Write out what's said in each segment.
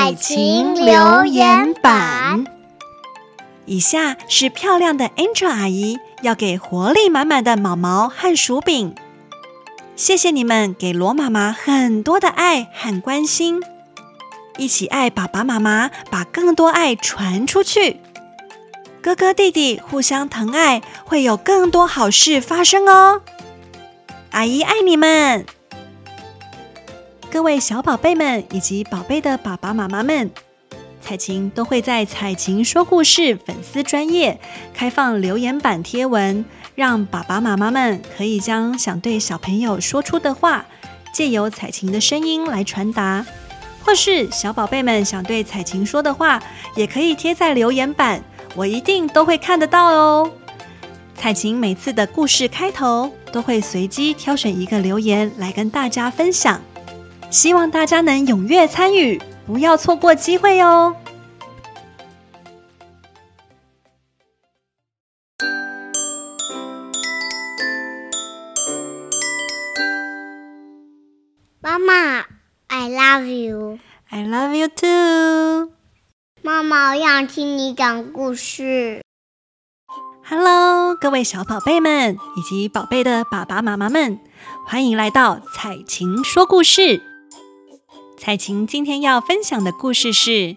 愛情留言板。以下是漂亮的 Angel 阿姨要給活力滿滿的毛毛和薯餅，謝謝你們給羅媽媽很多的愛和關心。一起愛爸爸媽媽，把更多愛傳出去。哥哥弟弟互相疼愛，會有更多好事發生哦。阿姨愛你們。各位小寶貝們以及寶貝的爸爸媽媽們，彩琴都會在“彩琴說故事”粉絲專頁開放留言板貼文，讓爸爸媽媽們可以將想對小朋友說出的話，借由彩琴的聲音來傳達；或是小寶貝們想對彩琴說的話，也可以貼在留言板，我一定都會看得到哦。彩琴每次的故事開頭都會隨機挑選一個留言來跟大家分享。希望大家能踴躍參與，不要錯過機會喲、哦！媽媽，I love you。I love you, I love you too。媽媽，我想聽你講故事。Hello，各位小寶貝們以及寶貝的爸爸媽媽們，歡迎來到彩琴說故事。蔡琴今天要分享的故事是《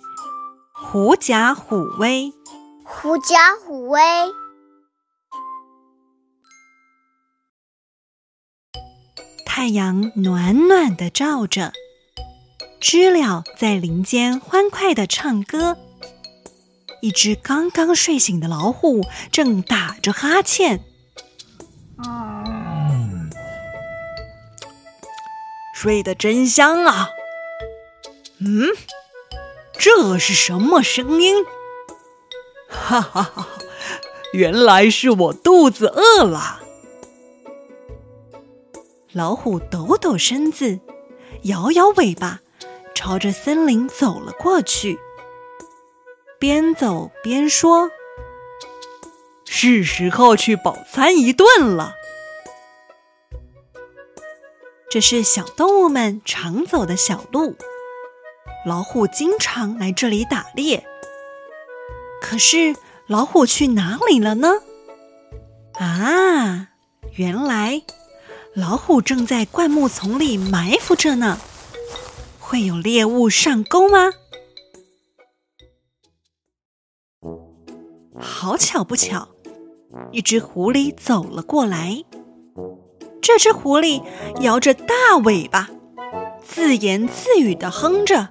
狐假虎威》。狐假虎威。太陽暖暖的照着，知了在林間歡快的唱歌。一只剛剛睡醒的老虎正打着哈欠，嗯，睡得真香啊。嗯，這是什麼聲音？哈哈哈哈，原來是我肚子餓了。老虎抖抖身子，搖搖尾巴，朝着森林走了過去。邊走邊說：“是時候去飽餐一頓了。”這是小動物們常走的小路。老虎經常來這裡打獵，可是老虎去哪裡了呢？啊，原來老虎正在灌木叢裡埋伏着呢。會有獵物上鈎嗎？好巧不巧，一隻狐狸走了過來。這隻狐狸搖着大尾巴，自言自語的哼着。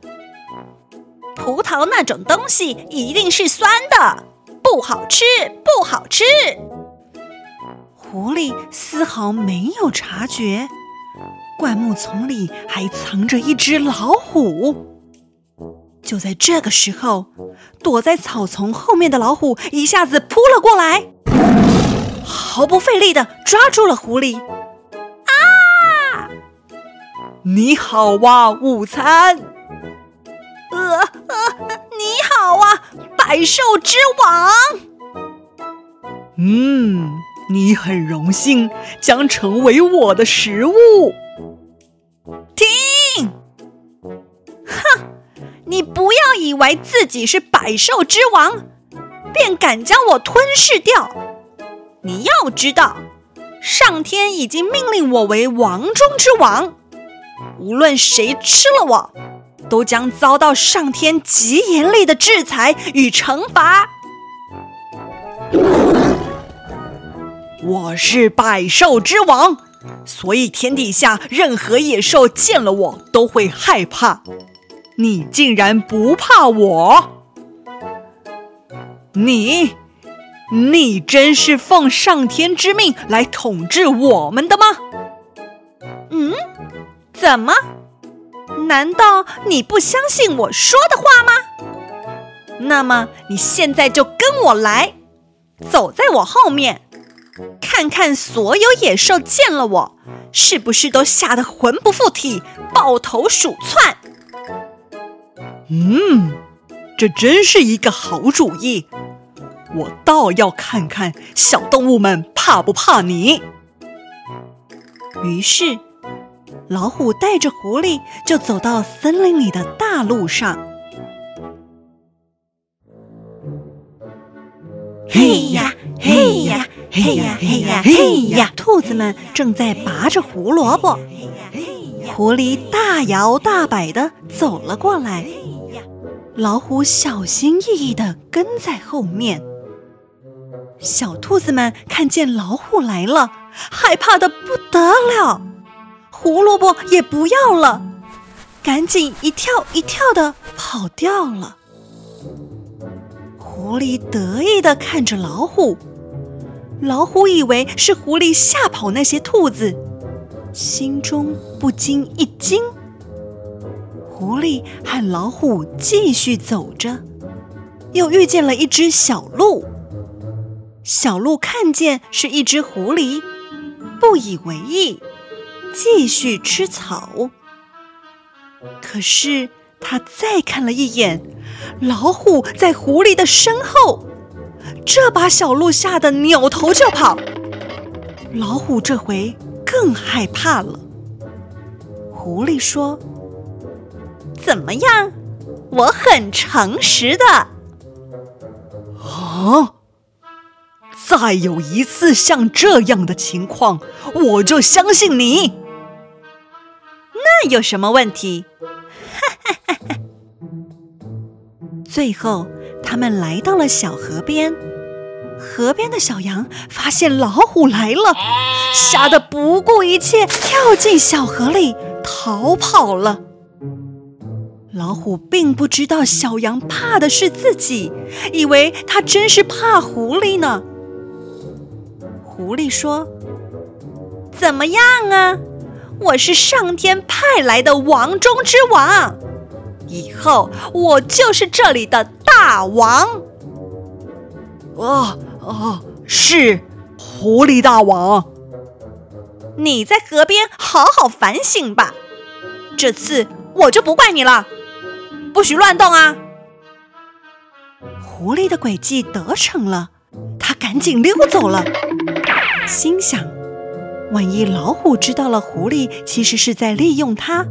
葡萄那種東西一定是酸的，不好吃，不好吃。狐狸絲毫沒有察覺，灌木叢裡還藏着一隻老虎。就在這個時候，躲在草叢後面的老虎一下子撲了過來，毫不費力的抓住了狐狸。啊！你好哇，啊，午餐。啊啊、你好啊，百獸之王。嗯，你很榮幸將成為我的食物。停！哼，你不要以為自己是百獸之王，便敢將我吞噬掉。你要知道，上天已經命令我為王中之王，無論誰吃了我，都將遭到上天極嚴厲的制裁與懲罰。我是百獸之王，所以天底下任何野獸見了我都會害怕。你竟然不怕我？你，你真是奉上天之命來統治我們的嗎？嗯？怎麼？難道你不相信我說的話嗎？那麼你現在就跟我來，走在我後面，看看所有野獸見了我，是不是都嚇得魂不附體、抱頭鼠竄？嗯，這真是一個好主意，我倒要看看小動物們怕不怕你。於是。老虎帶着狐狸就走到森林裡的大路上。嘿呀嘿呀嘿呀嘿呀嘿呀！兔子們正在拔着胡蘿蔔。狐狸大搖大擺地走了過來，老虎小心翼翼地跟在後面。小兔子們看見老虎來了，害怕得不得了。胡蘿蔔也不要了，趕緊一跳一跳地跑掉了。狐狸得意地看着老虎，老虎以為是狐狸嚇跑那些兔子，心中不禁一驚。狐狸和老虎繼續走着，又遇見了一隻小鹿。小鹿看見是一隻狐狸，不以為意。繼續吃草，可是他再看了一眼，老虎在狐狸的身後，這把小鹿嚇得扭頭就跑。老虎這回更害怕了。狐狸說：“怎麼樣？我很誠實的。”啊！再有一次像這樣的情況，我就相信你。那有什麼問題？哈哈哈哈。最後，他們來到了小河邊。河邊的小羊發現老虎來了，嚇得不顧一切跳進小河裡逃跑了。老虎並不知道小羊怕的是自己，以為它真是怕狐狸呢。狐狸說：“怎麼樣啊？”我是上天派來的王中之王，以後我就是這裡的大王。哦，哦，是狐狸大王，你在河邊好好反省吧。這次我就不怪你了，不許亂動啊！狐狸的詭計得逞了，他趕緊溜走了，心想。萬一老虎知道了狐狸其實是在利用它，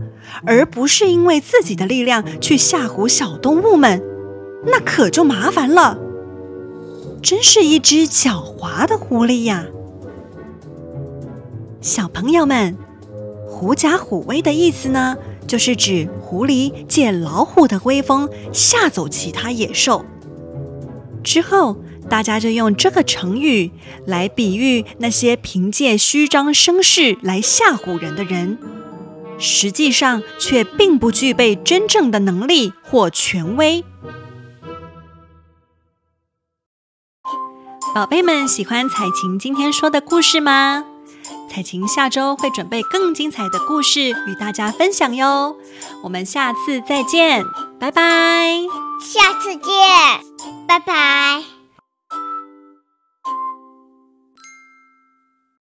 而不是因為自己的力量去嚇唬小動物們，那可就麻煩了。真是一隻狡猾的狐狸呀！小朋友們，狐假虎威的意思呢，就是指狐狸借老虎的威風嚇走其他野獸，之後。大家就用這個成語來比喻那些憑借虛張聲勢來嚇唬人的人，實際上卻並不具備真正的能力或權威。寶貝們喜歡彩琴今天說的故事嗎？彩琴下周會準備更精彩的故事與大家分享喲。我們下次再見，拜拜。下次見，拜拜。